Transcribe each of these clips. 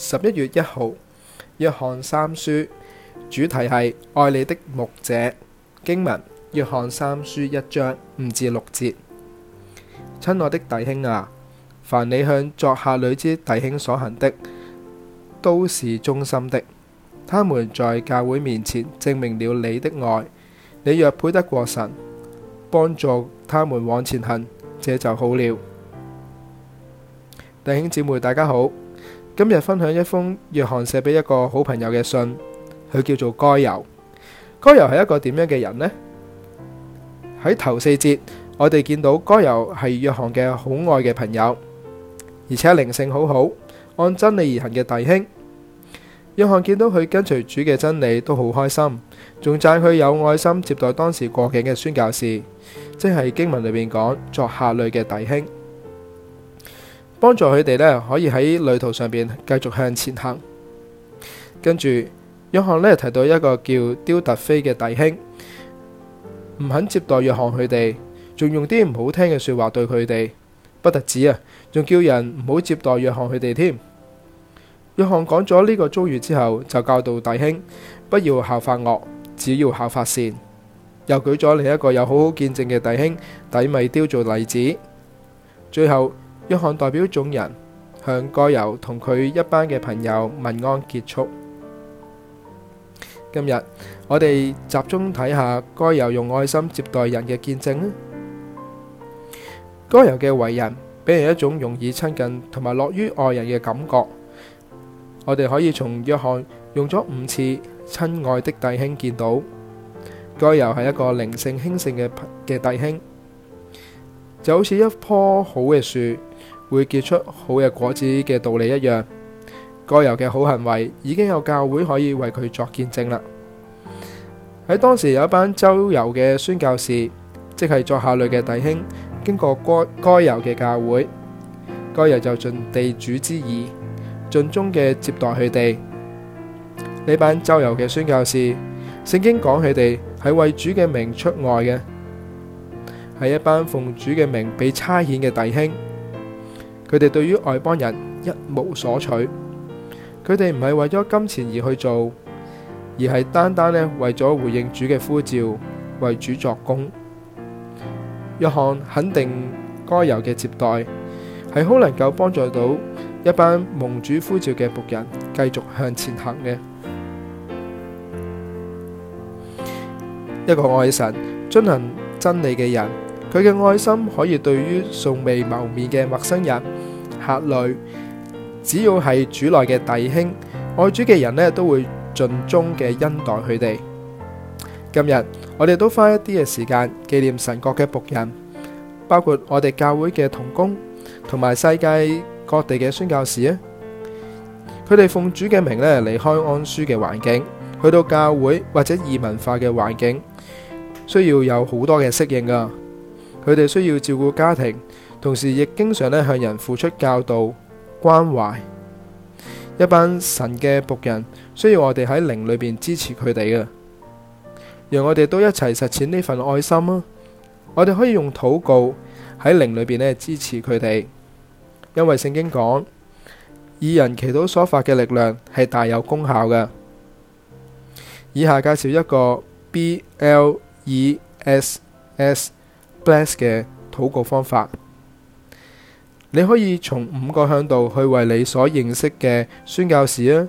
十一月一號，約翰三書主題係愛你的牧者。經文，約翰三書一章五至六節。親愛的弟兄啊，凡你向作客旅之弟兄所行的，都是忠心的。他們在教會面前證明了你的愛。你若配得過神，幫助他們往前行，這就好了。弟兄姊妹，大家好。今日分享一封約翰寫俾一個好朋友嘅信，佢叫做該猶。該猶係一個點樣嘅人呢？喺頭四節，我哋見到該猶係約翰嘅好愛嘅朋友，而且靈性好好，按真理而行嘅弟兄。約翰見到佢跟隨主嘅真理都好開心，仲讚佢有愛心接待當時過境嘅宣教士，即係經文裏面講作客旅嘅弟兄。幫助佢哋呢，可以喺旅途上邊繼續向前行。跟住，約翰呢提到一個叫丟特腓嘅弟兄，唔肯接待約翰佢哋，仲用啲唔好聽嘅說話對佢哋，不特止啊，仲叫人唔好接待約翰佢哋添。約翰講咗呢個遭遇之後，就教導弟兄不要效法惡，只要效法善。又舉咗另一個有好好見證嘅弟兄低米丟做例子，最後。約翰代表眾人向該猶同佢一班嘅朋友問安結束。今日我哋集中睇下該猶用愛心接待人嘅見證啊！該猶嘅為人俾人一種容易親近同埋樂於愛人嘅感覺。我哋可以從約翰用咗五次“親愛”的弟兄見到，該猶係一個靈性興盛嘅嘅弟兄。就好似一棵好嘅樹會結出好嘅果子嘅道理一樣，該游嘅好行為已經有教會可以為佢作見證啦。喺當時有一班周遊嘅宣教士，即係作下類嘅弟兄，經過該該游嘅教會，該游就盡地主之誼，盡忠嘅接待佢哋。呢班周遊嘅宣教士，聖經講佢哋係為主嘅名出外嘅。係一班奉主嘅名被差遣嘅弟兄，佢哋對於外邦人一無所取，佢哋唔係為咗金錢而去做，而係單單咧為咗回應主嘅呼召，為主作工。約翰肯定該有嘅接待，係好能夠幫助到一班蒙主呼召嘅僕人繼續向前行嘅。一個愛神、遵行真理嘅人。佢嘅愛心可以對於素未謀面嘅陌生人、客旅，只要係主內嘅弟兄、愛主嘅人咧都會盡忠嘅恩待佢哋。今日我哋都花一啲嘅時間紀念神國嘅僕人，包括我哋教會嘅同工同埋世界各地嘅宣教士啊。佢哋奉主嘅名咧，離開安舒嘅環境，去到教會或者異文化嘅環境，需要有好多嘅適應啊。佢哋需要照顧家庭，同時亦經常咧向人付出教導關懷。一班神嘅僕人，需要我哋喺靈裏邊支持佢哋嘅，讓我哋都一齊實踐呢份愛心啊！我哋可以用禱告喺靈裏邊咧支持佢哋，因為聖經講義人祈禱所發嘅力量係大有功效嘅。以下介紹一個 B.L.E.S.S 嘅禱告方法，你可以從五個向度去為你所認識嘅宣教士啊、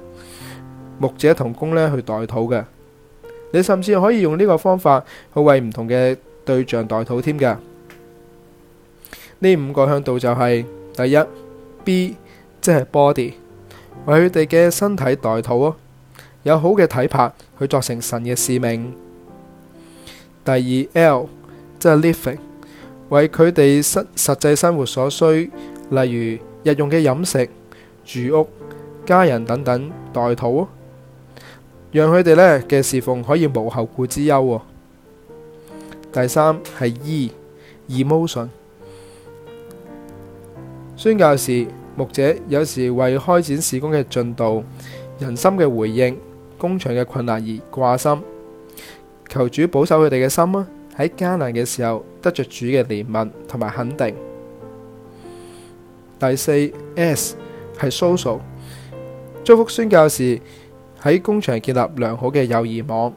牧者同工咧去代禱嘅。你甚至可以用呢個方法去為唔同嘅對象代禱添嘅。呢五個向度就係第一 B，即係 body，為佢哋嘅身體代禱咯，有好嘅體魄去作成神嘅使命。第二 L，即係 living。為佢哋實際生活所需，例如日用嘅飲食、住屋、家人等等，代禱，讓佢哋咧嘅侍奉可以無後顧之憂。第三係依、e, emotion，宣教士牧者有時為開展事工嘅進度、人心嘅回應、工場嘅困難而掛心，求主保守佢哋嘅心啊！喺艱難嘅時候得着主嘅憐憫同埋肯定。第四 S 係 social，祝福宣教士喺工場建立良好嘅友誼網，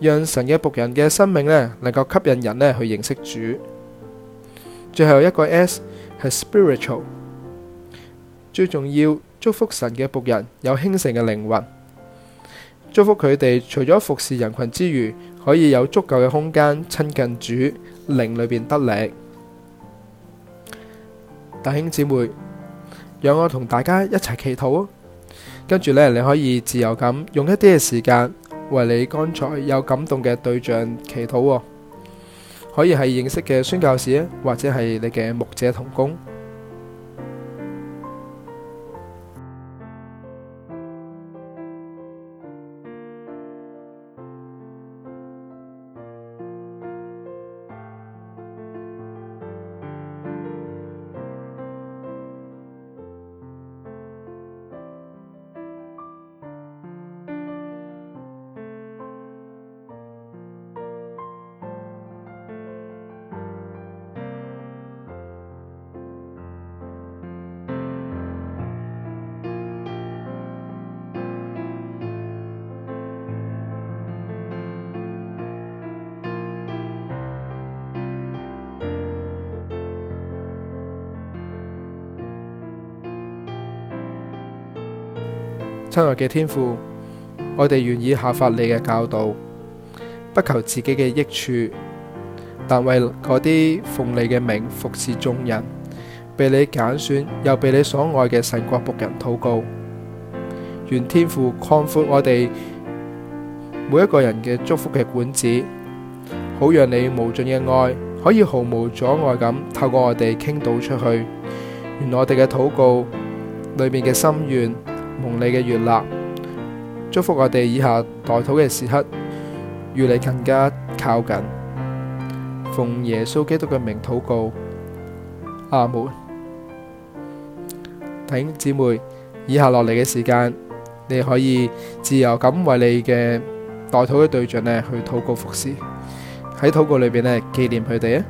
讓神嘅僕人嘅生命呢能夠吸引人呢去認識主。最後一個 S 係 spiritual，最重要祝福神嘅僕人有興盛嘅靈魂。祝福佢哋，除咗服侍人群之餘，可以有足夠嘅空間親近主，靈裏邊得力。弟兄姊妹，讓我同大家一齊祈禱啊！跟住呢，你可以自由咁用一啲嘅時間，為你剛才有感動嘅對象祈禱。可以係認識嘅宣教士，或者係你嘅牧者同工。親愛嘅天父，我哋願意效法你嘅教導，不求自己嘅益處，但為嗰啲奉你嘅名服侍眾人，被你揀選，又被你所愛嘅神國僕人禱告。願天父擴闊我哋每一個人嘅祝福嘅管子，好讓你無盡嘅愛可以毫無阻礙咁透過我哋傾倒出去。願我哋嘅禱告裏面嘅心願。蒙你嘅悅納，祝福我哋以下代禱嘅時刻與你更加靠近，奉耶穌基督嘅名禱告，阿門。弟兄姊妹，以下落嚟嘅時間，你可以自由咁為你嘅代禱嘅對象咧去禱告服侍，喺禱告裏邊咧紀念佢哋啊。